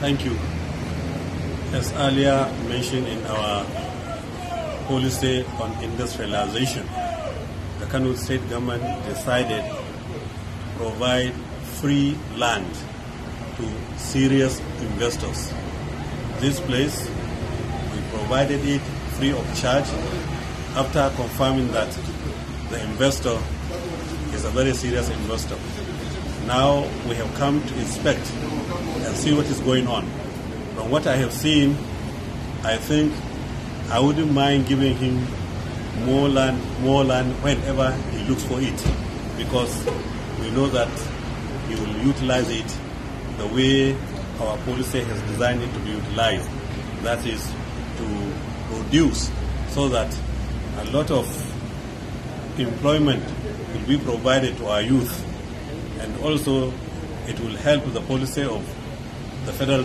Thank you. As earlier mentioned in our policy on industrialization, the Kano state government decided to provide free land to serious investors. This place, we provided it free of charge after confirming that the investor is a very serious investor. Now we have come to inspect and see what is going on. From what I have seen, I think I wouldn't mind giving him more land, more land whenever he looks for it, because we know that he will utilize it the way our policy has designed it to be utilized. That is to produce, so that a lot of employment will be provided to our youth, and also it will help the policy of the federal